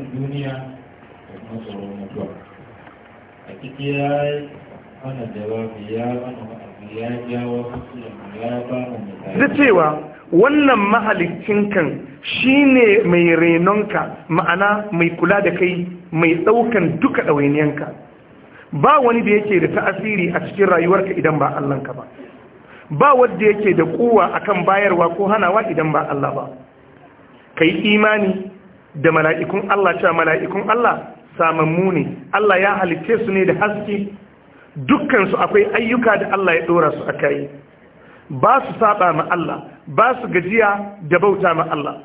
duniya da kuma tsoron mutuwa a ciki ya yi mana jawabi ya mana wa'azi ya jawo mu ya ba mu misali da cewa wannan mahalicin kan ne mai renonka ma'ana mai kula da kai mai ɗaukan duka ɗawainiyanka ba wani da yake da ta'asiri a cikin rayuwarka idan ba Allahnka ba ba wanda yake da kuwa akan bayarwa ko hanawa idan ba Allah ba ka yi imani da mala'ikun Allah cewa mala'ikun Allah samammu ne Allah ya halitte su ne da haske dukkansu akwai ayyuka da Allah ya ɗora su a kai ba su saba ma Allah ba su gajiya da bauta ma Allah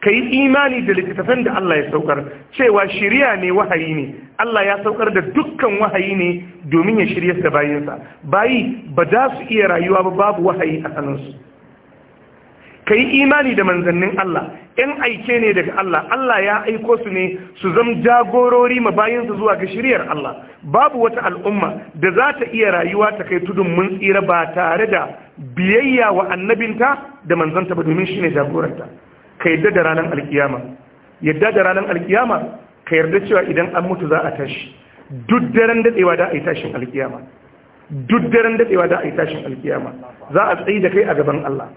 ka yi imani da littattafan da Allah ya saukar cewa shirya ne wahayi ne Allah ya saukar da dukkan wahayi ne domin ya shirya da bayinsa bayi ba za su iya rayuwa ba babu wahayi a sanansu ka yi imani da manzannin Allah ‘yan aike ne daga Allah Allah ya aiko su ne su zama jagorori mabayinsu zuwa ga shiriyar Allah babu wata al'umma da za ta iya rayuwa ta kai tudun mun tsira ba tare da biyayya wa annabinta da manzanta ba domin shi ne jagoranta ka yarda da ranar alkiyama yadda da ranar alkiyama ka yarda cewa idan an mutu za a tashi duk daren daɗewa da a yi tashin alkiyama duk daren dadewa da a yi tashin alkiyama za a tsayi da kai a gaban Allah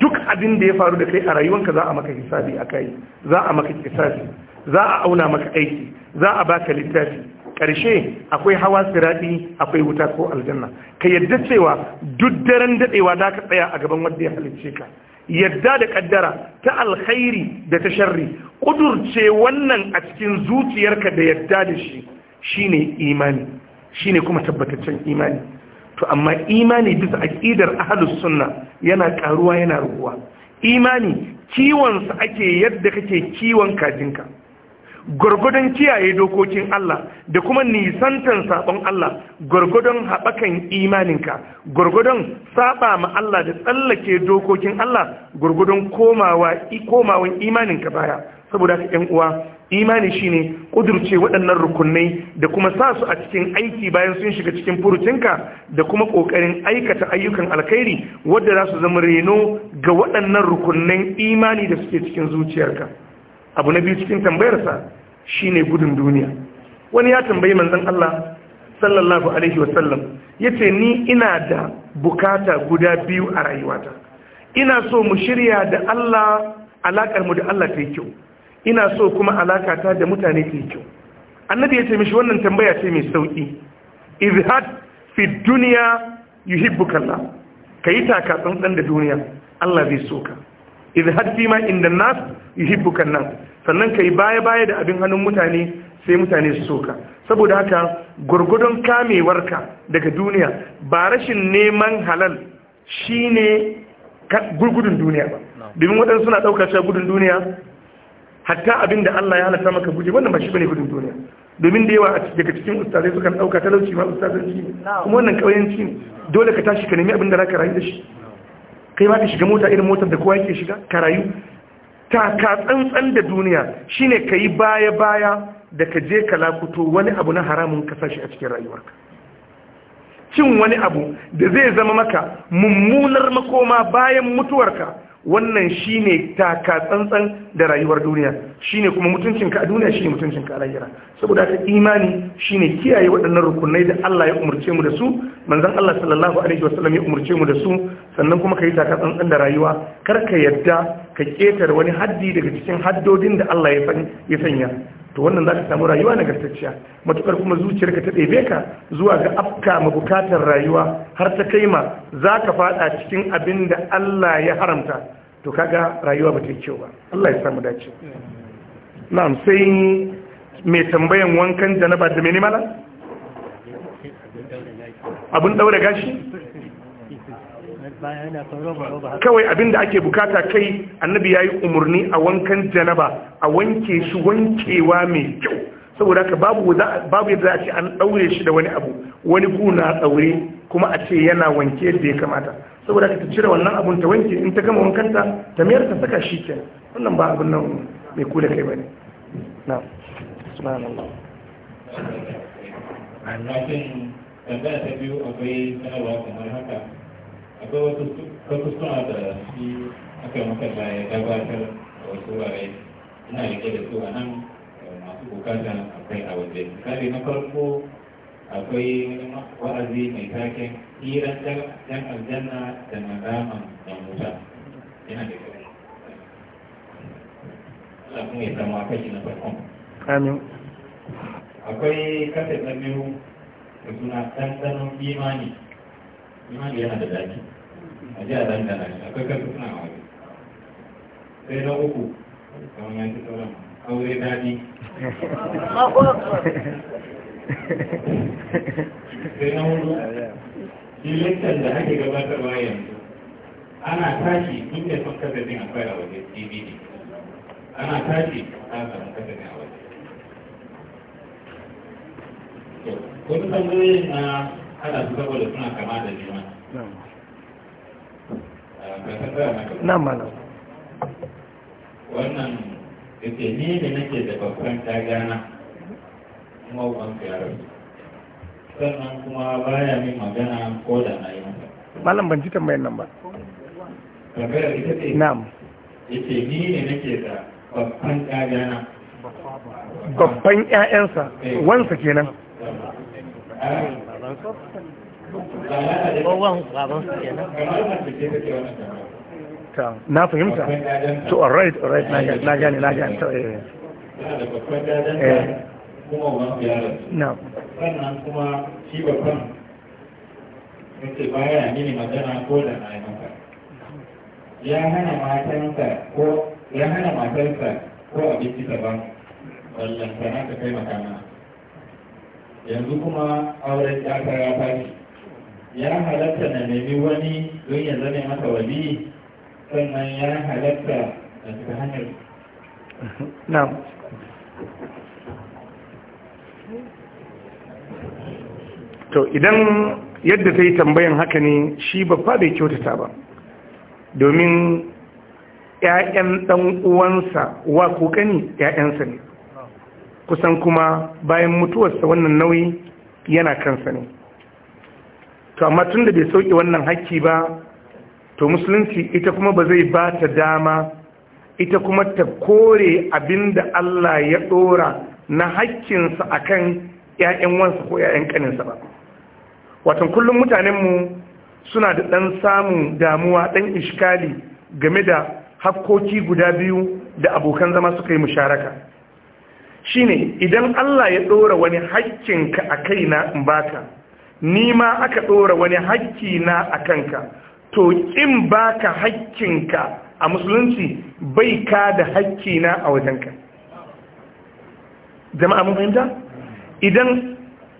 duk abin da ya faru da kai a rayuwanka za a maka hisabi a kai za a maka hisabi za a auna maka aiki za a baka littafi ƙarshe akwai hawa siradi akwai wuta ko aljanna ka yadda cewa duk daren daɗewa da ka tsaya a gaban wanda ya halicce ka yadda da kaddara ta alkhairi da ta sharri kudurce wannan a cikin zuciyarka da yadda da shi shine imani shine kuma tabbataccen imani to amma imani bisa aqidar ahlus sunna yana karuwa yana ruwa imani kiwon sa ake yadda kake ciwon kajinka gurgudun kiyaye dokokin Allah da kuma nisantan sabon Allah gurgudun haɓakan imaninka gurgudun saba ma Allah da tsallake dokokin Allah gurgudun komawa komawan imaninka baya saboda ka yan uwa imani shine kudurce waɗannan rukunai da kuma sa su a cikin aiki bayan sun shiga cikin furucinka da kuma ƙoƙarin aikata ayyukan alkhairi wadda za su zama reno ga waɗannan rukunan imani da suke cikin zuciyarka abu na biyu cikin tambayarsa shine gudun duniya wani ya tambayi manzon Allah sallallahu alaihi wasallam yace ni ina da bukata guda biyu a rayuwata ina so mu shirya da Allah alakar mu da Allah ta yi kyau ina so kuma alakata da mutane kyau. An kyau annabi ya ce mishi wannan tambaya ce mai sauki izhad fi duniya yuhibbuka Allah kayi taka tsantsan da duniya Allah zai so ka izhad fi ma inda nas yuhibbuka nas sannan kayi baya baya da abin hannun mutane sai mutane su so ka saboda haka gurgudun kamewarka daga duniya ba rashin neman halal shine gurgudun duniya ba domin waɗansu suna ɗaukar cewa gudun duniya hatta abin da Allah ya halatta maka guje wannan ba shi bane gudun duniya domin da yawa daga cikin ustazai sukan dauka talauci ma ustazanci ne kuma wannan kauyanci ne dole ka tashi ka nemi abin da ka rayu da shi kai ma ka shiga mota irin motar da kowa yake shiga ka rayu ta ka tsantsan da duniya shine yi baya baya da ka je ka lakuto wani abu na haramun ka sashi a cikin rayuwarka cin wani abu da zai zama maka mummunar makoma bayan mutuwarka wannan shi ne taka tsantsan da rayuwar duniya Shi ne kuma mutuncinka a duniya shi ne mutuncinka a rayuwa saboda haka imani shi ne kiyaye waɗannan rukunai da Allah ya umarce mu da su manzan Allah sallallahu alaihi wasallam ya umarce mu da su sannan kuma ka yi taka tsantsan da rayuwa kar ka yadda ka ketar wani haddi daga cikin haddodin da Allah ya sanya to wannan za ka samu rayuwa na gartacciya matukar kuma zuciyarka ta ɗebe ka zuwa ga afka ma bukatar rayuwa har ta kai ma za ka faɗa cikin abin da Allah ya haramta to kaga rayuwa ba ta yi kyau ba Allah ya samu dace na'am sai mai tambayan wankan janaba da mai nimala abin daure gashi kawai abinda ake bukata kai annabi ya yi umarni a wankan janaba a wanke shi wankewa mai kyau saboda ka babu babu yadda ake ce an ɗaure shi da wani abu wani kuna ɗaure kuma a ce yana wanke yadda ya kamata saboda ka ta cire wannan abun ta wanke in ta gama wankanta ta mayar ta saka shi ke wannan ba abun nan mai kula kai bane na subhanallah Allah sai ta biyu akwai sanarwa kamar haka akwai wasu suna da shi aka makalla ya gabatar a wasu wurare ina rike da su a nan masu bukata akwai a waje misali na farko akwai wa'azi mai taken hirar dan aljanna da nadaman da musa yana da kyau Allah kuma ya samu akashi na farkon amin akwai kasa na biyu da suna ɗanɗanon imani imani yana da zaki a ji a zan da nashi akwai kan suna aure sai na uku kamar yanzu sauran aure dadi sai na hudu shi littan da ake gabatarwa yanzu ana tashi duk da son kasafin akwai a waje dvd ana tashi a samu kasafin a waje wani tambayoyin na ana su saboda suna kama da juna nan ah, mana wannan yake ni ne nake da babban tagana kuma uban yaron sannan kuma baya min magana ko da na yi masa malam ban ji tambayar nan ba tambayar ita ce na'am yace ni ne nake da babban tagana babban ƴaƴansa eh. wansa kenan na fahimta to all right all right na gane na gane to eh, eh. na kuma shi babban yace baya mini magana ko da ya hana matansa ko ya hana matarsa ko abinci daban wallan sana ka kai makana yanzu kuma auren yata ya fashi ya halatta na nemi wani don ya zane maka wali sannan ya halatta a cikin hanyar na'am to idan yadda ta yi tambayan haka ne shi babba bai kyautata ba domin ‘ya'yan ɗan uwansa wa kokani ‘ya'yansa ne kusan kuma bayan mutuwarsa wannan nauyi yana kansa ne to amma tun da bai sauke wannan haƙƙi ba to musulunci ita kuma ba zai ba ta dama ita kuma ta kore abin da Allah ya ɗora na haƙƙinsa a kan ‘ya'yan wansa ko ‘ya'yan ƙaninsa ba watan kullum mutanenmu suna da ɗan samun damuwa ɗan ishkali game da hakkoki guda biyu da abokan zama suka yi musharaka shine idan Allah ya ɗora wani haƙƙinka a kaina in baka ni ma aka ɗora wani haƙƙi na a kanka to ƙin baka haƙƙinka a musulunci bai ka da haƙƙi na a wajenka jama'a mun fahimta idan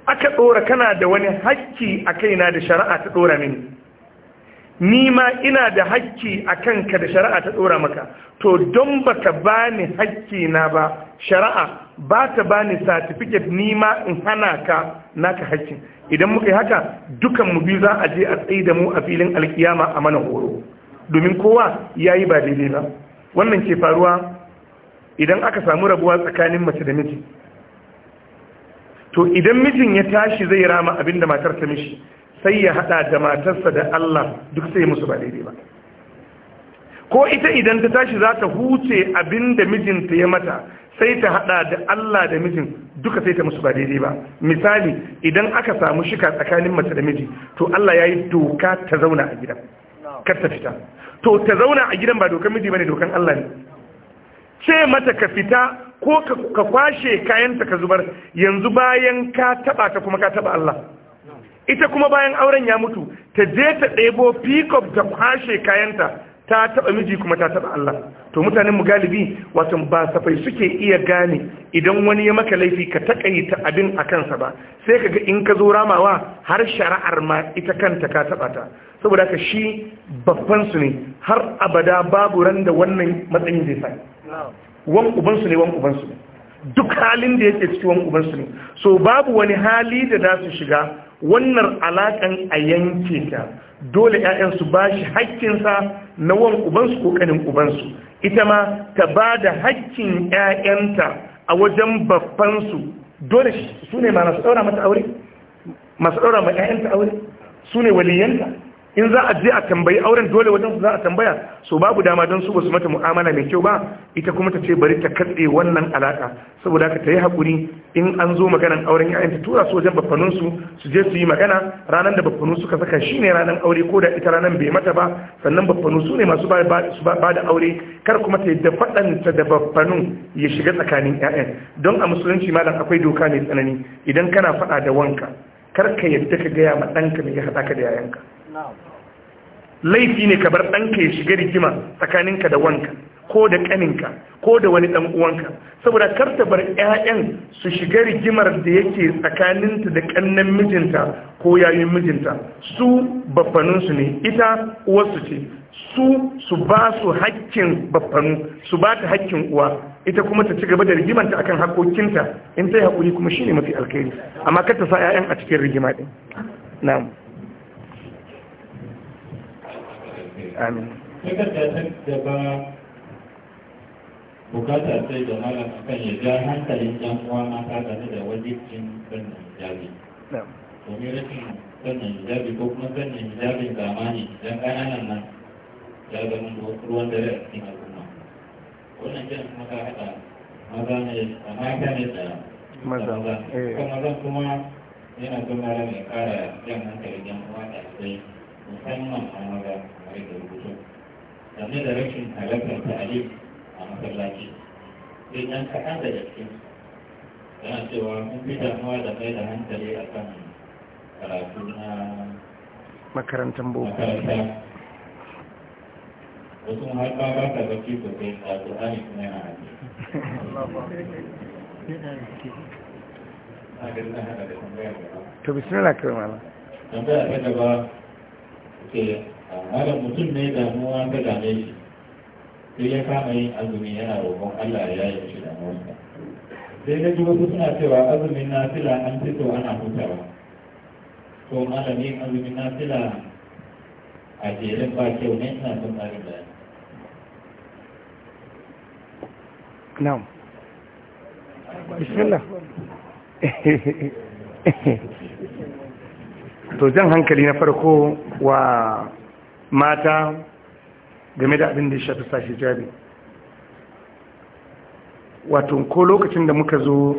aka ɗora kana da wani haƙƙi a kaina da shari'a ta ɗora mini ni ma ina da hakki a kanka da shari'a ta ɗora maka to don baka bani hakki na ba shari'a ba ta ba ni certificate nima in hana ka naka haƙƙin idan muka yi haka dukan mu biyu za a je a tsaye da mu a filin alkiyama a mana horo domin kowa ya yi ba daidai ba wannan ke faruwa idan aka samu rabuwa tsakanin mace da miji to idan mijin ya tashi zai rama abin da matar ta mishi sai ya haɗa da matarsa da Allah duk sai musu ba daidai ba ko ita idan ta tashi za ta huce abin da mijinta ya mata sai ta hada da Allah da mijin duka sai ta musu ba daidai ba misali idan aka samu shika tsakanin mace da miji to Allah ya yi doka ta zauna a gidan kar ta fita to ta zauna a gidan ba dokan miji bane dokan Allah ne ce mata ka fita ko ka kwashe kayanta ka zubar yanzu bayan ka taba ta kuma ka taba Allah ita kuma bayan auren ya mutu ta je ta ɗebo pick up ta kwashe kayanta ta taba miji kuma ta taba Allah to mutanen mu galibi wato ba safai suke iya gane idan wani ya maka laifi ka takaita abin a kansa ba sai kaga in ka zo ramawa har shari'ar ma ita kanta ka taba ta saboda ka shi babban su ne har abada babu ran da wannan matsayin zai sai wan uban su ne wan uban su duk halin da yake cikin wan uban su ne so babu wani hali da za su shiga wannan alakan a yanke ta dole ‘ya'yan su ba shi haƙƙinsa na wan ubansu ko ƙanin ubansu ita ma ta ba da haƙƙin ‘ya'yanta a wajen babbansu dole su ne ma masu ɗaura mata aure masu ɗaura ma ‘ya'yanta aure su ne waliyanta in za a je a tambayi auren dole wajen za a tambaya so babu dama don su basu mata mu'amala mai kyau ba ita kuma ta ce bari ta katse wannan alaka saboda ka ta yi haƙuri in an zo maganan auren ya'yan ta tura su wajen baffanun su je su yi magana ranar da baffanu suka saka shi ne ranar aure ko da ita ranar bai mata ba sannan baffanu su ne masu ba da aure kar kuma ta yadda faɗanta da baffanun ya shiga tsakanin ya'yan don a musulunci malam akwai doka mai tsanani idan kana faɗa da wanka kar ka yadda ka gaya ma ɗanka mai ya haɗa ka da yayanka laifi ne ka bar ɗanka ya shiga rigima tsakaninka da wanka ko da ƙaninka ko da wani ɗan uwanka saboda kar ta bar 'ya'yan su shiga rigimar da yake tsakaninta da ƙannan mijinta ko yayin mijinta su baffaninsu ne ita uwarsu ce su su ba su haƙƙin baffanu su ba ta haƙƙin uwa ita kuma ta ci gaba da rigimanta akan haƙoƙinta in ta yi haƙuri kuma shine mafi alkhairi amma kar ta sa 'ya'yan a cikin rigima ɗin na'am amin takarda ta gaba sai da malam kan ya ja hankalin yan uwa mata game da wajibcin sannan hijabi domin rashin sannan hijabi ko kuma sannan hijabin zamani idan kananan nan ya zama ruwan dare a cikin al'umma wannan kiran kuma ka haɗa maza ne a mata ne da maza kuma eh. mazan kuma yana zama mai kara jan hankalin yan uwa da musamman a maza kamar da rubutun sannan da rashin halartar ta'alim a masallaci sai ɗan kaɗan daga cikin yana cewa mun fi damuwa da mai da hankali a kan karatu na makarantar boko wasu har ba ba ka bacci sosai a tsakani kuma yana hannu to bismillah kai mala tambaya ta gaba ce malam mutum ne damuwa ta dame shi sai ya kama yin azumi yana roƙon Allah ya yi shi damuwarsa sai na ji wasu suna cewa azumin na fila an fito ana hutawa to malamin azumin na fila a jerin ba kyau ne ina son tsarin da Na'am. Bismillah. to jan hankali na farko wa mata game da abin da ya shafi sashi jabi wato ko lokacin da muka zo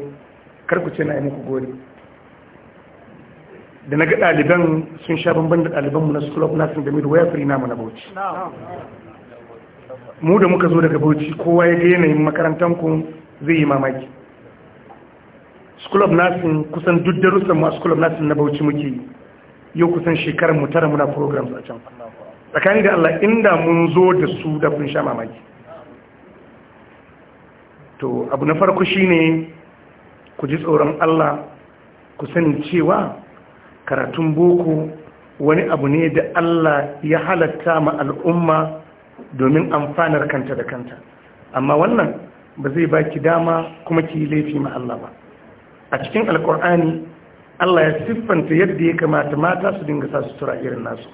karkuce na yi muku gori da na ga ɗaliban sun sha bambam da ɗalibanmu na school of nursing da midwaya free namu na bauchi mu da muka zo daga bauchi kowa ya ga yanayin makarantanku zai yi mamaki school of nursing kusan duk darussan a school of nursing na bauchi muke yi yau kusan shekarar mu tara muna program a can tsakani da Allah inda mun zo da su da kun sha mamaki to abu na farko shine ku ji tsoron Allah ku sani cewa karatun boko wani abu ne da Allah ya halatta ma al'umma domin amfanar kanta da kanta amma wannan ba zai baki dama kuma ki laifi ma Allah ba a cikin alkur'ani Allah ya siffanta yadda ya kamata mata su dinga sa sutura irin nasu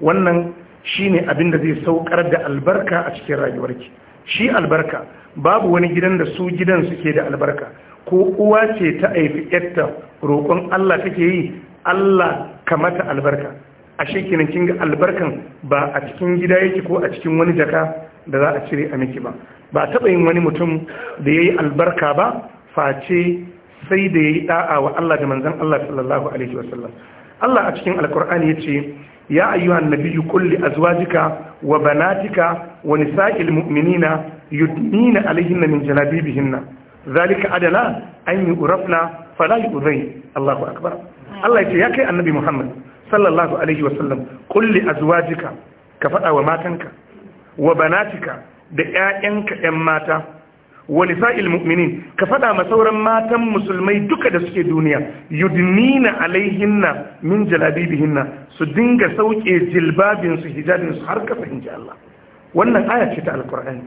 wannan shine abin da zai saukar da albarka a cikin rayuwarki shi albarka babu wani gidan da su gidan suke da albarka ko uwa ce ta aifi yarta roƙon Allah take yi Allah kamata albarka a kenan kin ga albarkan ba a cikin gida yake ko a cikin wani jaka da za a cire a miki ba ba taɓa yin wani mutum da ya yi albarka ba face sai da ya yi da'a wa Allah da manzan Allah sallallahu alaihi wasallam Allah a cikin alkur'ani ce ya ayyuhan nabiyyu qul li azwajika wa banatika wa nisa'il mu'minina yudnina alayhinna min jalabibihinna zalika adala an yu'rafna fala yu'zai Allahu akbar Allah yace ya kai annabi Muhammad sallallahu alaihi wasallam qul li azwajika ka faɗa wa matanka wa banatika da ƴaƴanka ƴan mata Wani sa'il mu'minin ka fada ma sauran matan musulmai duka da suke duniya yudnina alaihinna min jalabibihinna su dinga sauke jilbabinsu hijabinsu har kasa inji Allah wannan aya ce ta alqur'ani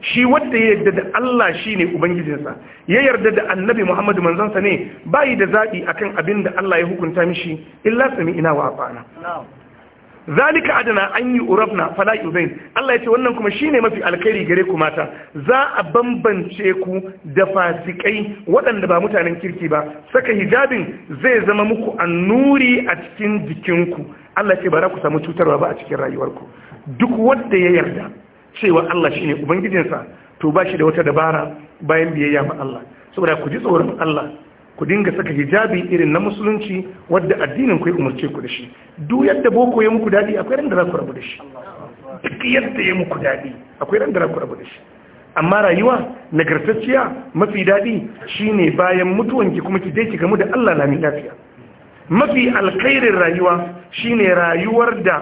shi wanda ya yarda da Allah shi ne ubangijinsa ya yarda da annabi Muhammadu manzon sa ne bayi da zaɓi akan abin da Allah ya hukunta mishi illa sami'ina wa ata'ana zalika adana an yi urafna fala yuzain Allah ya ce wannan kuma shine mafi alkhairi gare ku mata za a bambance ku da fasikai waɗanda ba mutanen kirki ba saka hijabin zai zama muku annuri a cikin jikinku Allah ya ce ba za ku samu cutarwa ba a cikin rayuwarku duk wanda ya yarda cewa Allah shine ubangijinsa to ba shi da wata dabara bayan biyayya ma Allah saboda ku ji tsoron Allah ku dinga saka hijabi irin na musulunci wadda addinin ku ya umarce ku da shi duk yadda boko ya muku dadi akwai ran da za ku rabu da shi duk yadda ya muku dadi akwai ran da za ku rabu da shi amma rayuwa nagartacciya mafi dadi shine bayan mutuwan ki kuma ki je ki gamu da Allah lamin lafiya mafi alkhairin rayuwa shine rayuwar da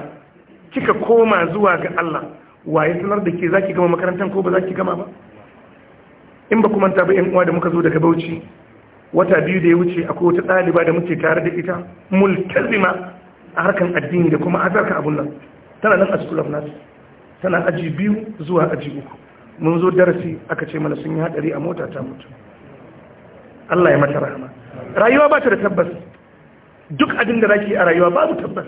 kika koma zuwa ga Allah waye sanar da ke zaki gama makarantar ko ba zaki gama ba in ba kuma ta ba yan uwa da muka zo daga Bauchi wata biyu da ya wuce akwai wata ɗaliba da muke tare da ita multazima a harkan addini da kuma azarka abun nan tana nan a school of nurse tana aji biyu zuwa aji uku mun zo darasi aka ce mana sun yi haɗari a mota ta mutu Allah ya mata rahama rayuwa ba ta da tabbas duk abin da zaki a rayuwa babu tabbas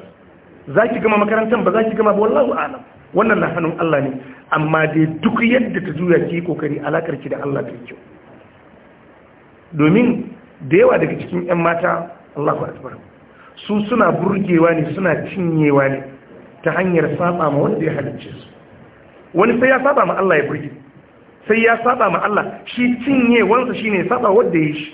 zaki gama makarantar ba zaki gama ba wallahu a'lam wannan na hannun Allah ne amma dai duk yadda ta juya ki kokari alakar ki da Allah ta kyau domin da yawa daga cikin 'yan mata Allahu akbar su suna burgewa ne suna cinyewa ne ta hanyar saba ma wanda ya halicce su wani sai ya saba ma Allah ya burge sai ya saba ma Allah shi cinyewansa shine saba wanda ya shi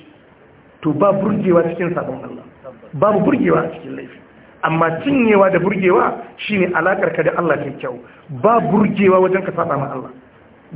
to ba burgewa cikin sabon Allah babu burgewa a cikin laifi amma cinyewa da burgewa shine alakar ka da Allah kyau ba burgewa wajen ka saba ma Allah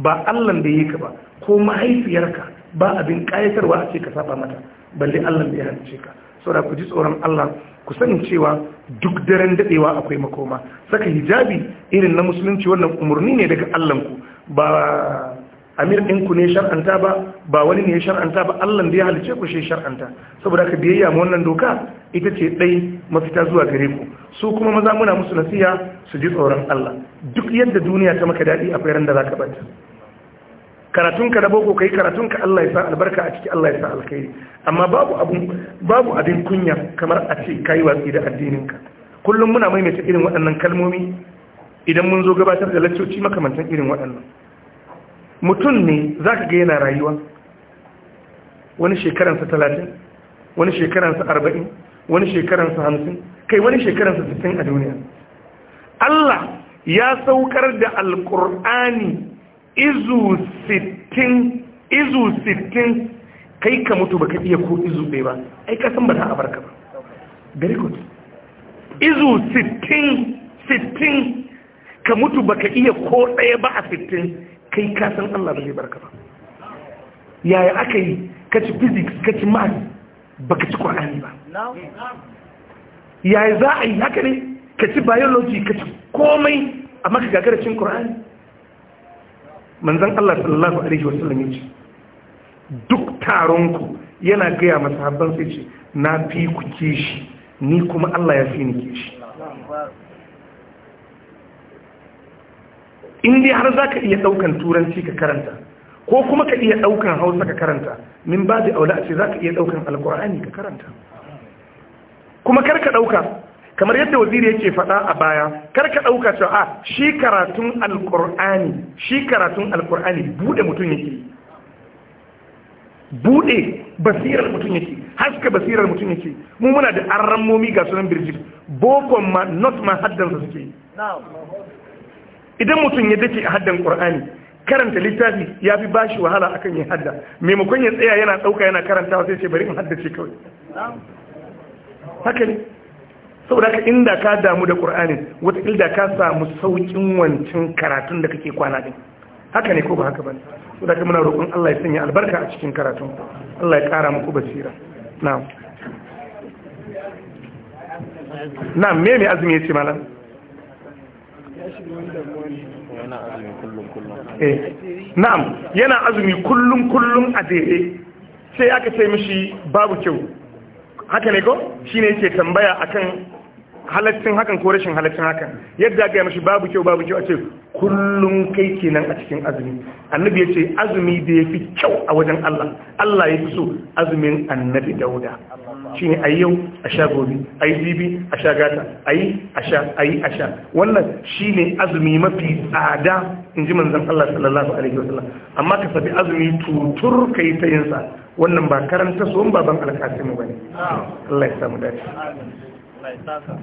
ba Allah da yake ba ko mahaifiyarka ba abin kayatarwa a ce ka saba mata balle Allah da ya halice ka saboda ku ji tsoron Allah ku sani cewa duk daren dadewa akwai makoma saka hijabi irin na musulunci wannan umurni ne daga Allah ku ba amir ku ne shar'anta ba ba wani ne shar'anta ba Allah da ya halice ku shi shar'anta saboda ka biyayya ma wannan doka ita ce dai mafita zuwa gare ku su kuma maza muna musu nasiya su ji tsoron Allah duk yadda duniya ta maka dadi akwai ran da zaka bata karatunka na boko kai karatunka Allah ya sa albarka a ciki Allah ya sa alkhairi amma babu abun babu abin kunya kamar a ce kai wa da addininka kullum muna maimaita irin waɗannan kalmomi idan mun zo gabatar da laccoci makamantan irin waɗannan mutum ne zaka ga yana rayuwa wani shekaransa talatin wani shekaransa arba'in wani shekaransa hamsin kai wani shekaransa sittin a duniya Allah ya saukar da alƙur'ani izu sittin izu sittin kai ka mutu ba ka iya ko izu ɗaya ba ai ka san ba za a barka ba very good izu sittin sittin ka mutu ba ka iya ko ɗaya ba a sittin kai ka san Allah ba zai barka ba yaya aka yi ka ci physics ka ci math ka ci Kur'ani ba yaya za a yi haka ne ka ci biology ka ci komai a maka gagarar cin Qur'ani manzon Allah sallallahu alaihi wasallam yace duk taron ku yana gaya masahabban sai ce na fi ku kishi ni kuma Allah ya fi ni kishi in dai har zaka iya daukan turanci ka karanta ko kuma ka iya daukan Hausa ka karanta min ba da aula ce zaka iya daukan alqur'ani ka karanta kuma kar ka ɗauka. kamar yadda waziri yake faɗa a baya kar ka ɗauka cewa a ah, shi karatun alƙur'ani shi karatun alƙur'ani buɗe mutum yake buɗe basirar mutum yake haska basirar mutum yake mu muna da arrammomi ga sunan birjit bokon ma not ma su suke idan mutum ya dace a haddan ƙur'ani karanta littafi ya fi ba shi wahala akan yin hadda maimakon ya tsaya yana ɗauka yana karanta sai ce bari in haddace kawai haka ne saboda ka inda ka damu da ƙur'anin wataƙil da ka samu sauƙin wancan karatun da kake kwana ɗin haka ne ko ba haka ba ne saboda ka muna roƙon Allah ya sanya albarka a cikin karatun Allah ya ƙara muku basira na'am na'am me me azumi yace malam eh, na'am yana azumi kullum kullum a daidai sai aka ce mishi babu kyau haka ne ko shine ne yake tambaya akan halaccin hakan ko rashin halaccin hakan yadda ga mashi babu kyau babu kyau a ce kullum kai kenan a cikin azumi annabi ya ce azumi da ya fi kyau a wajen Allah Allah ya fi so azumin annabi dauda shi ne a yau a sha gobe a yi bibi a sha gata a yi a sha a yi a sha wannan shi ne azumi mafi tsada in ji manzan Allah sallallahu alaihi wasallam amma ka sabi azumi tutur ka yi ta yinsa wannan ba karanta so baban alkasimu ba ne Allah ya samu dace Allah ya saka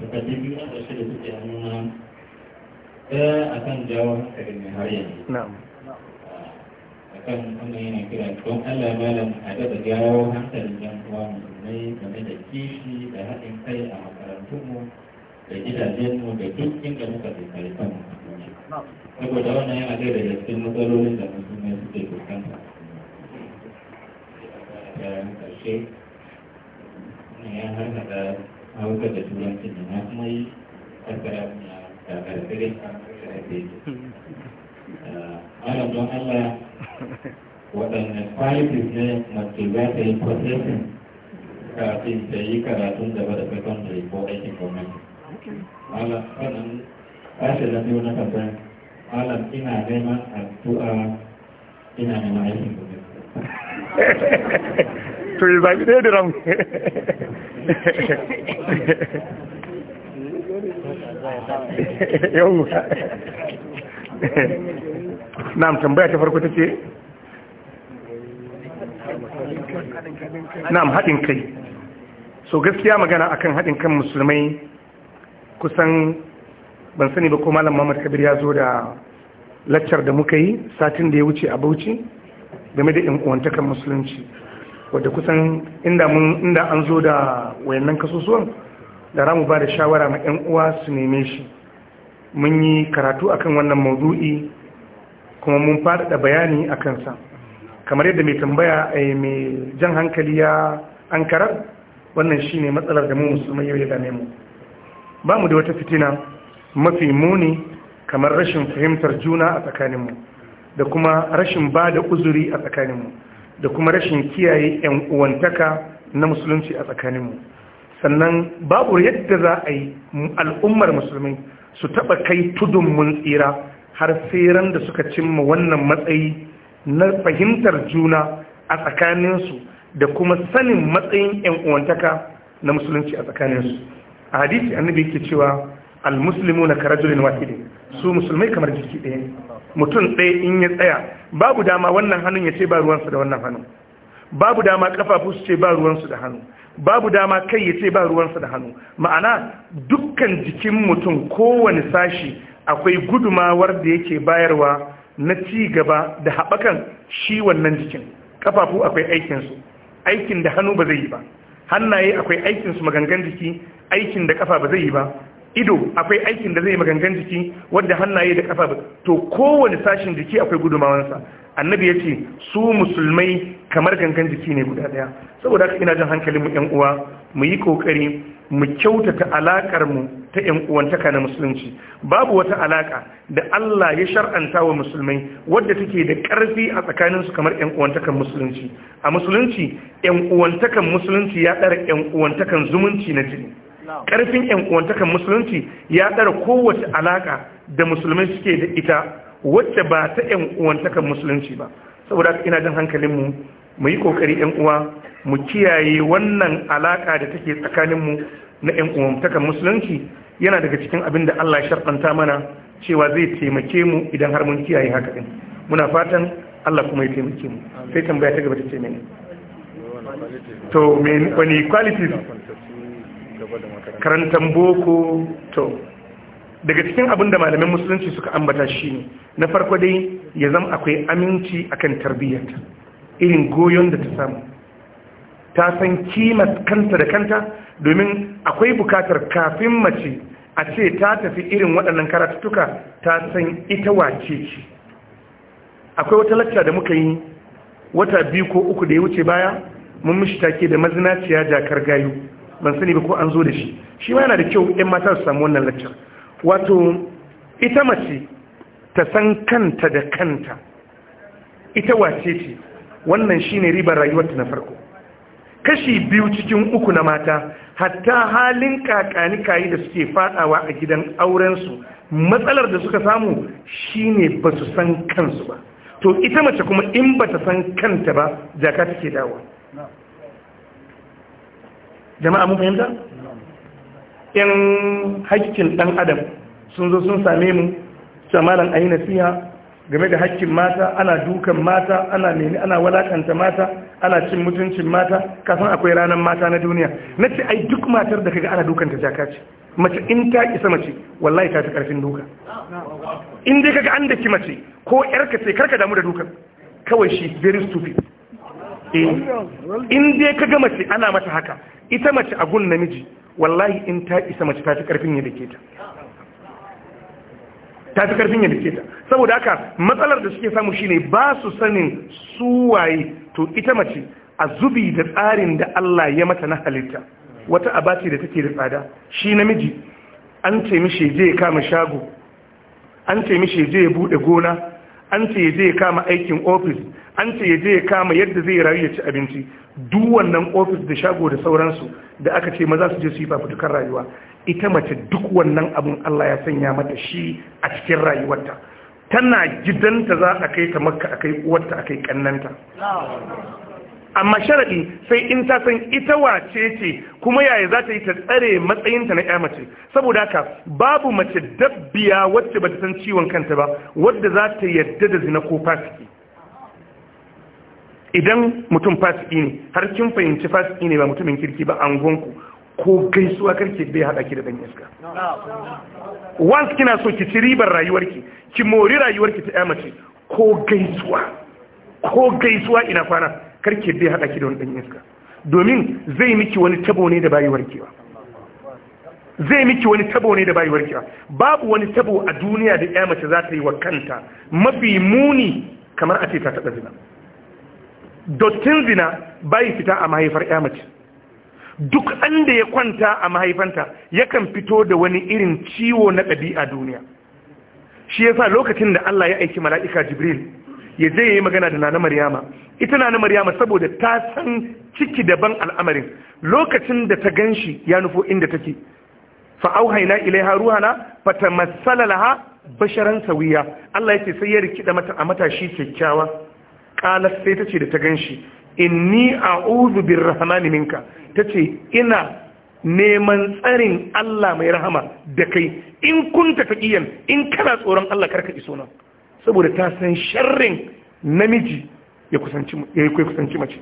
Bukatu na ƙarshe da suke hannuna ɗaya a kan jawo hankalin mai har yanzu. A kan wannan yana kira don Allah malam a daga jawo hankalin yan uwa musulmai game da kishi da haɗin kai a makarantunmu da gidajenmu da duk inda muka tsaye kanmu. Saboda wannan yana ɗaya daga cikin matsalolin da musulmai suke fuskanta. yaren ƙarshe ya harka da hauka da turanci da na kuma yi karkara na karkare a yi hmm. ana ah, don allah waɗanne kwalitis ne za ta yi processing kafin ta yi karatun gaba da secondary ko aikin gwamnati wannan da ina neman addu'a ina neman aikin gwamnati to yi zaɓi ɗaya da ramu yau na tambaya ta farko ta ce na haɗin kai so gaskiya magana akan haɗin kan musulmai kusan ban sani ba ko malam Muhammad Kabir ya zo da laccar da muka yi satin da ya wuce a Bauchi game da yankuwantakan musulunci wadda kusan inda mun inda an zo da wayannan kasusuwan da ramu ba da shawara ma yan uwa su neme shi mun yi karatu akan wannan maudu'i kuma mun faɗaɗa bayani a kansa kamar yadda mai tambaya a eh, mai jan hankali ya an karar wannan shi ne matsalar da mu musulmai yau ya dame mu ba mu da wata fitina mafi muni kamar rashin fahimtar juna a tsakaninmu da kuma rashin ba da uzuri a tsakaninmu da kuma rashin kiyaye 'yan uwantaka na musulunci a tsakaninmu sannan babu yadda za a yi al'ummar musulmi su taɓa kai tudun mun tsira har tseren da suka cimma wannan matsayi na fahimtar juna a tsakaninsu da kuma sanin matsayin 'yan uwantaka na musulunci a tsakaninsu a hadisi annabi yake cewa al-muslimu na karajulin wahidin su musulmai kamar jiki ɗaya mutum ɗaya in ya tsaya babu dama wannan hannun ya ce ba ruwansu da wannan hannun babu dama kafafu su ce ba ruwansu da hannu babu dama kai ya ce ba ruwansu da hannu ma'ana dukkan jikin mutum kowane sashi akwai gudumawar da yake bayarwa na ci gaba da haɓakan shi wannan jikin kafafu akwai aikinsu aikin da hannu ba zai yi ba hannaye akwai aikinsu magangan jiki aikin da kafa ba zai yi ba ido akwai aikin da zai magangan jiki wadda hannaye da kafa to kowane sashin jiki akwai gudumawansa annabi ya ce su musulmai kamar gangan jiki ne guda daya saboda haka ina jin hankalin mu yan uwa mu yi kokari mu kyautata alakar mu ta yan uwantaka na musulunci babu wata alaka da Allah ya shar'anta wa musulmai wadda take da ƙarfi a tsakaninsu kamar yan uwantakan musulunci a musulunci yan uwantakan musulunci ya ɗara yan uwantakan zumunci na jini karfin yan uwantakan musulunci ya ɗara kowace alaƙa da musulmai suke da ita wacce ba ta yan uwantakan musulunci ba saboda ina jan hankalinmu mu yi ƙoƙari yan uwa mu kiyaye wannan alaƙa da take tsakanin na yan uwantakan musulunci yana daga cikin abin da Allah ya mana cewa zai taimake mu idan har mun kiyaye haka ɗin muna fatan Allah kuma ya taimake mu sai tambaya ta gaba ta ce mene to wani qualities karantar boko to daga cikin abin da malamin musulunci suka ambata shi ne na farko dai ya zama akwai aminci akan tarbiyyarta irin goyon da ta samu ta san kima kanta da kanta domin akwai bukatar kafin mace a ce ta tafi irin waɗannan karatuka ta san ita wace ce akwai wata lacca da muka yi wata biyu ko uku da ya wuce baya mun mishi take da mazinaciya jakar gayu ban sani ba ko an zo da shi shi ma yana da kyau yan mata su samu wannan lecture wato ita mace ta san kanta da kanta ita wace ce wannan ne ribar rayuwarta na farko kashi biyu cikin uku na mata hatta halin kakani kayi da suke fadawa a gidan aurensu matsalar da suka samu shine ba su san kansu ba to ita mace kuma in ba ta san kanta ba jaka take dawa jama'a mun fahimta in haƙƙin ɗan adam sun zo sun same mu samalan ayi nasiha game da haƙƙin mata ana dukan mata ana nemi ana walakanta mata ana cin mutuncin mata kasan akwai ranar mata na duniya na ce ai duk matar da kaga ana dukanta jaka ce mace in ta isa mace wallahi ta fi karfin duka in dai kaga an daki mace ko yarka ce karka damu da dukan kawai shi very stupid in dai ka ga mace ana mata haka ita mace a gun namiji wallahi in ta isa mace ta fi karfin ya ke ta ta fi karfin ya ke ta saboda haka matsalar da suke samu shine ba su sanin suwaye to ita mace a zubi da tsarin da Allah ya mata na halitta wata abaci da take da tsada shi namiji an ce mishi je ya kama shago an ce mishi je ya bude gona an ce ya je ya kama aikin ofis an ce ya je ya kama yadda zai rayu ya ci abinci duk wannan ofis da shago da sauransu da aka ce maza su je su yi fafutukar rayuwa ita mace duk wannan abin Allah ya sanya mata shi a cikin rayuwarta tana gidanta za a kai ta makka a kai uwarta a kai kannanta amma sharaɗi, sai in ta san ita wace ce kuma yaya za ta yi ta tsare matsayinta na mace saboda haka babu mace dabbiya wacce bata san ciwon kanta ba wadda za ta yadda da zina ko fasiki idan mutum fasiki ne har kin fahimci fasiki ne ba mutumin kirki ba angonku ko gaisuwa karke bai hada ki da dan iska once kina so ki ci ribar rayuwarki ki mori rayuwarki ta mace ko gaisuwa ko gaisuwa ina kwana karki dai haɗa ki da wani ɗan iska domin zai miki wani tabo ne da bayi warkewa zai miki wani tabo ne da bayi warkewa babu wani tabo a duniya da ya mace za ta yi wa kanta mafi muni kamar a ce ta taɓa zina dottin zina bayi fita a mahaifar ya mace duk anda ya kwanta a mahaifanta yakan fito da wani irin ciwo na ɗabi'a duniya shi yasa lokacin da Allah ya aiki mala'ika Jibril ya je ya yi magana da nana maryama ita nana maryama saboda ta san ciki daban al'amarin lokacin da ta gan shi ya nufo inda take fa'auhaina ilaiha ruhana fata matsala laha basharan sauya Allah ya ce sai ya rikida mata a matashi kyakkyawa ƙalas sai ta ce da ta gan shi inni a'udhu birrahmani minka tace ina neman tsarin Allah mai rahama da kai in kunta taqiyan in kana tsoron Allah karka iso nan saboda ta san sharrin namiji ya kusanci mace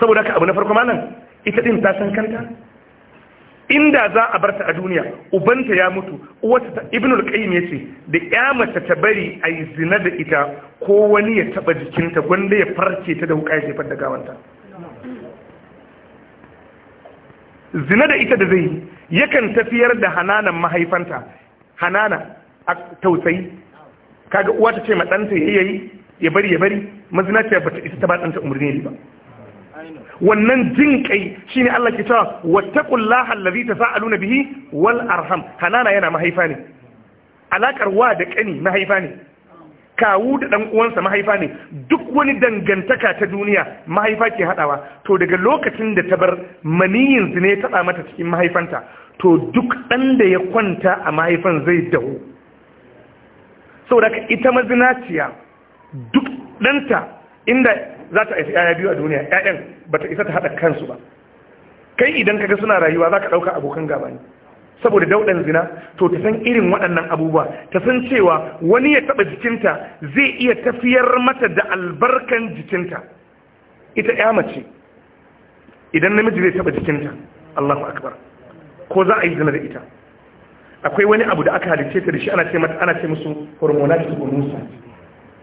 saboda haka abu na farko malam ita din ta san kanta inda za a barta a duniya ubanta ya mutu uwarta ibnul qayyim yace da ya mace ta bari ayi zina da ita ko wani ya taba jikinta gwanda ya farce ta da hukai jefar da gawanta zina da ita da zai yakan tafiyar da hananan mahaifanta hanana a tausayi kaga uwa ta ce ma ɗanta ya yi ya bari ya bari mazinaciya ba ta isa ta ba ɗanta umarni ba wannan jin kai ne Allah ke cewa sa allazi na bihi wal arham hanana yana mahaifa ne alakar wa da kani mahaifa ne kawu da dan uwansa mahaifa ne duk wani dangantaka ta duniya mahaifa ke haɗawa, to daga lokacin da ta bar maniyin zine ta mata cikin mahaifanta to duk ɗan da ya kwanta a mahaifan zai dahu. saboda ita mazinaciya duk ɗanta inda za ta haifi ‘ya'ya biyu a duniya ‘ya'yan ba ta isa ta haɗa kansu ba kai idan kaga suna rayuwa za ka ɗauka abokan gaba ne saboda daudan zina to ta san irin waɗannan abubuwa ta san cewa wani ya taɓa jikinta zai iya tafiyar mata da albarkan jikinta ita ya mace idan namiji zai taɓa jikinta Allahu akbar ko za a yi zina da ita akwai wani abu da aka halitce ta da shi ana ce mata ana ce musu hormonal evolution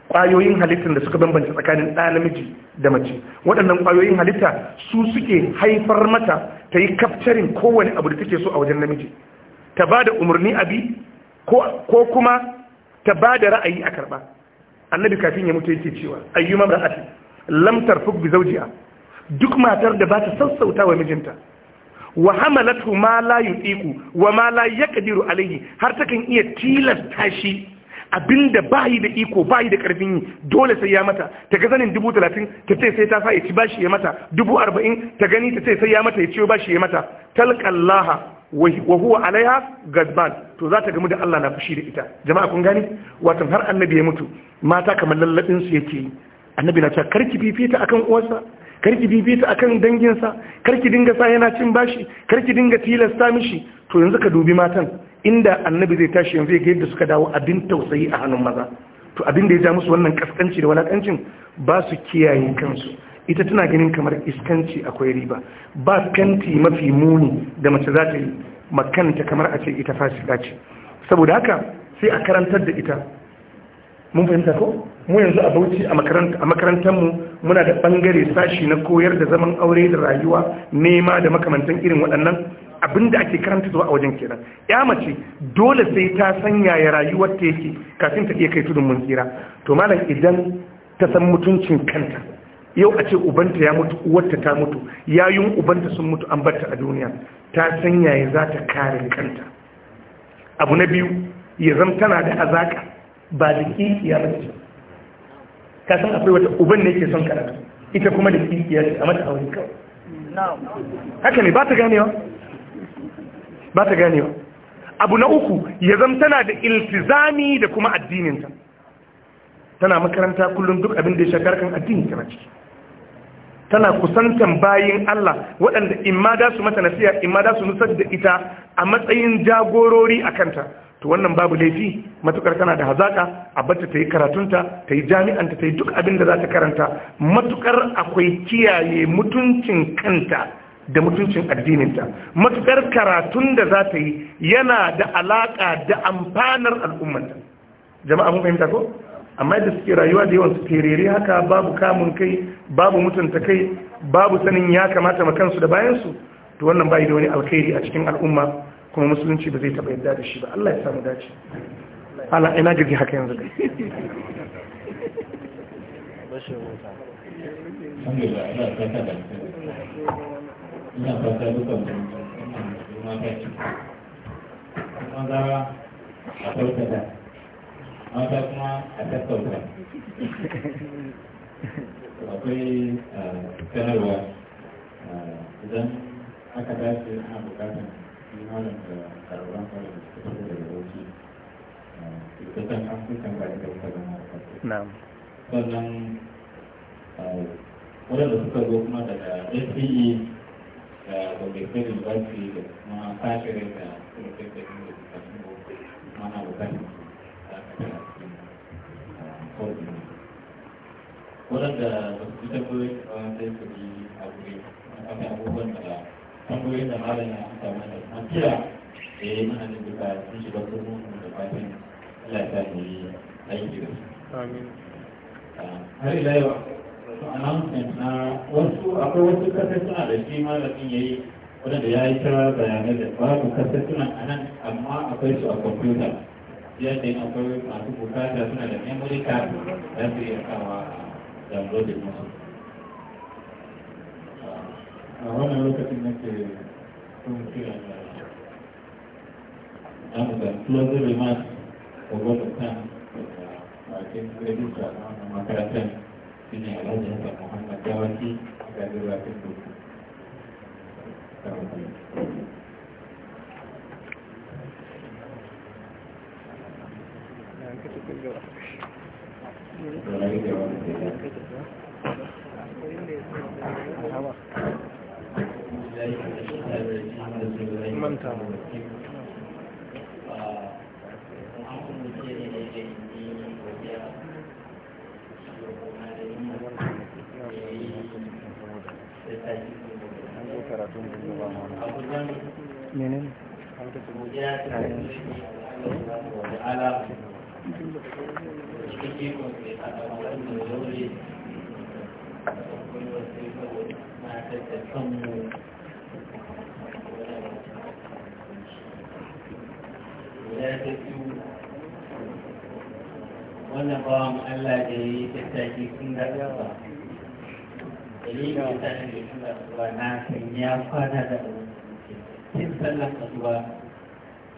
kwayoyin halittar da suka bambanta tsakanin ɗa namiji da mace waɗannan kwayoyin halitta su suke haifar mata ta yi kafcarin kowane abu da take so a wajen namiji ta ba da umarni abi ko kuma ta ba da ra'ayi a karɓa annabi kafin ya mutu yake cewa ayyuma ra'ati lamtar fuk bi zaujiya. duk matar da ba ta sassauta wa mijinta wa hamalatu ma la yutiku wa ma la yaqdiru alayhi har ta kan iya tilasta shi abinda bayi da iko bayi da karfin yi dole sai ya mata ta ga zanin dubu talatin ta ce sai ta sa ya ci bashi ya mata dubu ta gani ta ce sai ya mata ya ciyo bashi ya mata talqallaha wa huwa alaiha gadban to za ta gamu da Allah na fushi da ita jama'a kun gani watan har annabi ya mutu mata kamar lallabin su yake annabi na cewa karki fifita akan uwarsa karki bibita akan danginsa karki dinga sa yana cin bashi karki dinga tilasta mishi to yanzu ka dubi matan inda annabi zai tashi yanzu ga yadda suka dawo abin tausayi a hannun maza to abin da ya ja musu wannan kaskanci da walakancin ba su kiyaye kansu ita tana ganin kamar iskanci akwai riba ba fenti mafi muni da mace za ta yi makanta kamar a ce ita fasika ce saboda haka sai a karantar da ita mun fahimta ko mu yanzu a bauchi a makarantar mu muna da bangare sashi na koyar da zaman aure da rayuwa nema da makamantan irin waɗannan abinda ake karanta zuwa a wajen kenan ya mace dole sai ta san yaya rayuwar ta yake kafin ta iya kai tudun mun tsira to malam idan ta san mutuncin kanta yau a ce ubanta ya mutu uwarta ta mutu yayun ubanta sun mutu an barta a duniya ta san yaya za ta kare kanta abu na biyu ya zama tana da azaka ba da kikiya ba ce ka san akwai wata uban ne ke son karatu ita kuma da kikiya ce a mata aure kawai haka ne ba ta ganewa ba ta ganewa abu na uku ya zama tana da iltizami da kuma addininta tana makaranta kullum duk abin da ya shakar kan addini tana ciki tana kusantan bayin Allah waɗanda imma da su mata nasiya imma da su nusar da ita a matsayin jagorori a kanta to wannan babu laifi matukar kana da hazaka a bata ta yi karatunta ta yi jami'anta ta yi duk abin da za ta karanta matukar akwai kiyaye mutuncin kanta da mutuncin addininta matukar karatun da za ta yi yana da alaka da amfanar al'ummanta jama'a mun fahimta ko amma da suke rayuwa da yawan su terere haka babu kamun kai babu mutunta kai babu sanin ya kamata ma kansu da bayansu to wannan bai da wani alkhairi a cikin al'umma kuma musulunci ba zai taba yadda da shi ba Allah ya samu dace ala ina jirgi haka yanzu dai ina fata dukan mata ce maza a kyautata mata kuma a tattauta akwai sanarwa idan aka dace ana bukatar imanin da karuwan da suka fito daga eh, ita kan afirkan ba da kuka zama da farko sannan eh, wadanda suka zo kuma daga SPE eh, da Gombe State University da kuma Kashirin da Protect da English da kuma mana bukatar da aka a cikin ba su fi a da sai su yi abubuwan da tambayoyin da malam ya fita mana an kira da ya eh, yi mana da duka sun shiga kuma da fatan Allah ta yi aiki da ah, Har ila yau, wasu announcement na wasu akwai wasu kasar da shi malamin ya yi wadanda ya yi kira bayanai da babu kasar suna a nan amma akwai su a kwamfuta. Ya ce akwai masu bukata suna da memory card za su iya kawa downloading musu. a wannan lokacin nake kuma kira da amurka close remarks over the time bakin redinta na wannan makarantar shi ne alhaji hassan muhammad dawaki a gajin rafin dutse Allah da ya yi tattaki sun gaɗa ba dalilin da ta da sun na san ya kwana da da sallar kasuwa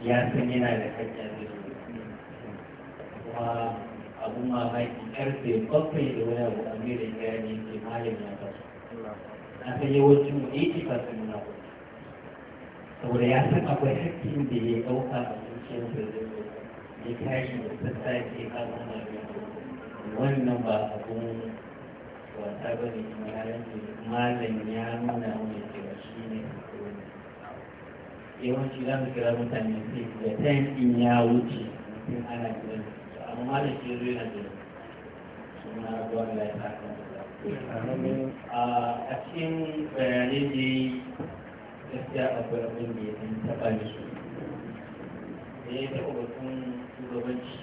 ya san yana da hajjar da kuma abun da karfe bakwai da wani abu a mai da gani ke malam ya kasu na san yawancin mu 80% muna kuma saboda ya san akwai hakkin da ya ɗauka a cikin da ya tashi da sassafe a wannan yanzu wannan ba abun wata ba ne kuma ya rage malam ya nuna wani cewa shi ne yawanci za su kira mutane sai da tan ya wuce mutum ana kiran su amma malam shi zo yana su na abuwa da ya saka a cikin bayanai da yi gaskiya akwai abin da ya taɓa da su da ya taɓa batun shugabanci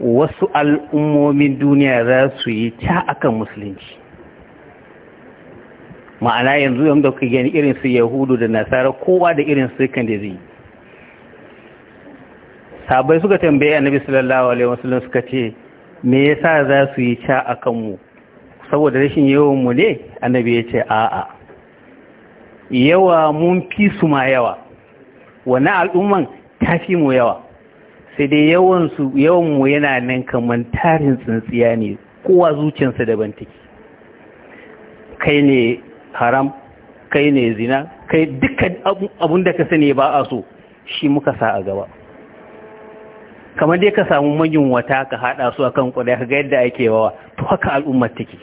wasu al'ummomin duniya za su yi ta akan musulunci ma'ana yanzu yadda kuka gani irin su yahudu da nasara kowa da irin su kan da zai sabai suka tambaye annabi sallallahu alaihi wasallam suka ce me yasa za su yi ta akan mu saboda rashin yawan mu ne annabi ya ce a'a yawa mun fi su ma yawa wani al'umman ta fi mu yawa sai dai yawan su mu yana nan kaman tarin tsintsiya ne kowa zuciyarsa daban take kai ne haram kai ne zina kai dukkan abun da ka sani ba a so shi muka sa a gaba kamar dai ka samu magin wata ka hada su akan kudai ka ga yadda ake wawa to haka al'ummar take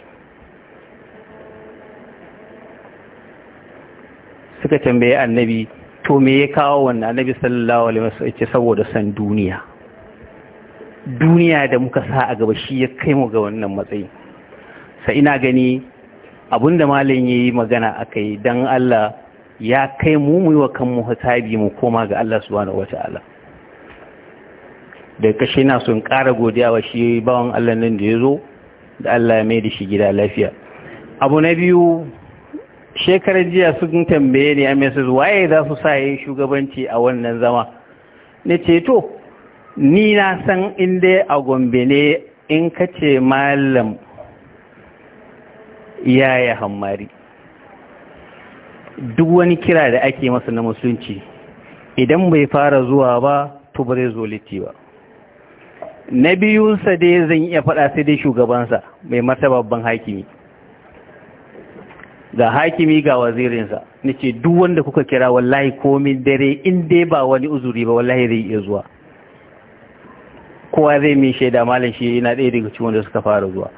suka tambaye annabi to me ya kawo wannan annabi sallallahu alaihi wasallam yace saboda san duniya duniya da muka sa a gaba shi ya kai mu ga wannan matsayi sai ina gani abinda malam yayi magana akai dan Allah ya kai mu mu yi wa kanmu hisabi mu koma ga Allah subhanahu wataala da kashe na son ƙara godiya wa shi bawan Allah nan da ya zo da Allah ya mai da shi gida lafiya abu na biyu shekarar jiya sun tambaye ni a mrs waye za su sa yi shugabanci a wannan zama na ce to ni na san inda a gombe ne in ka ce malam yi hammari duk wani kira da ake masa na musulunci idan bai fara zuwa ba to ba zo ba na biyunsa dai zan iya faɗa sai dai shugabansa mai martaba babban hakimi ga hakimi ga wazirinsa nace duk wanda kuka kira wallahi komin dare in dai ba wani uzuri ba wallahi zai iya zuwa kowa zai mi shaida malam shi yana ɗaya daga cikin wanda suka fara zuwa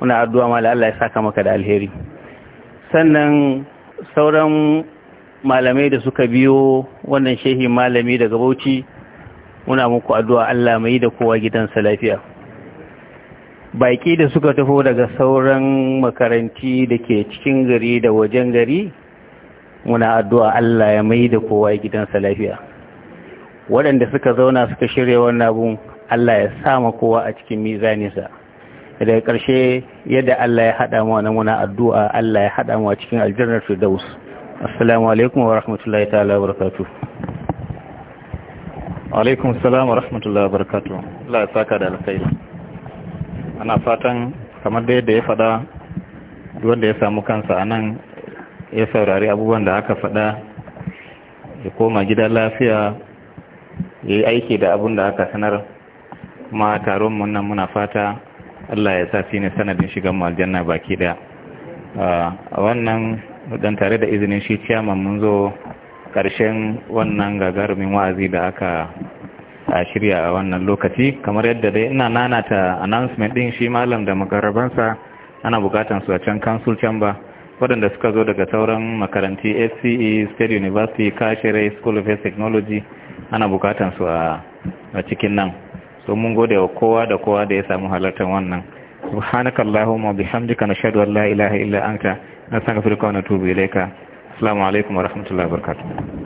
muna addu'a malam Allah ya saka maka da alheri sannan sauran malamai da suka biyo wannan shehi malami daga Bauchi muna muku addu'a Allah mai da kowa gidansa lafiya baki da suka tafi daga sauran makaranti da ke cikin gari da wajen gari muna addu'a Allah ya mai da kowa gidansa lafiya waɗanda suka zauna suka shirya wannan abun Allah ya sama kowa a cikin mizaninsa daga ƙarshe yadda Allah ya haɗa mu na muna addu'a Allah ya haɗa mu a cikin aljannar Firdaus assalamu alaikum wa rahmatullahi ta'ala wa barakatuh alaikum salam wa rahmatullahi wa barakatuh Allah ya saka da alkhairi ana fatan kamar da yadda ya faɗa wanda ya samu kansa a nan ya saurari abubuwan da aka fada ya koma gidan lafiya ya yi aiki da abun da aka sanar kuma taron nan muna fata Allah ya sa si ne sanadin shigan aljanna baki daya a wannan dan tare da izinin shi ciyaman mun zo karshen wannan gagarumin wa'azi da aka a shirya a wannan lokaci kamar yadda dai ina nanata announcement din shi malam da makarabansa ana bukatan su a can council chamber waɗanda suka zo daga sauran makaranti SCE State University Kashere School of Technology ana bukatan su a cikin nan so mun gode wa kowa da kowa da ya samu halartar wannan subhanakallahumma bihamdika nashhadu an la ilaha illa anta nastaghfiruka wa natubu ilayka assalamu alaikum wa rahmatullahi wa barakatuh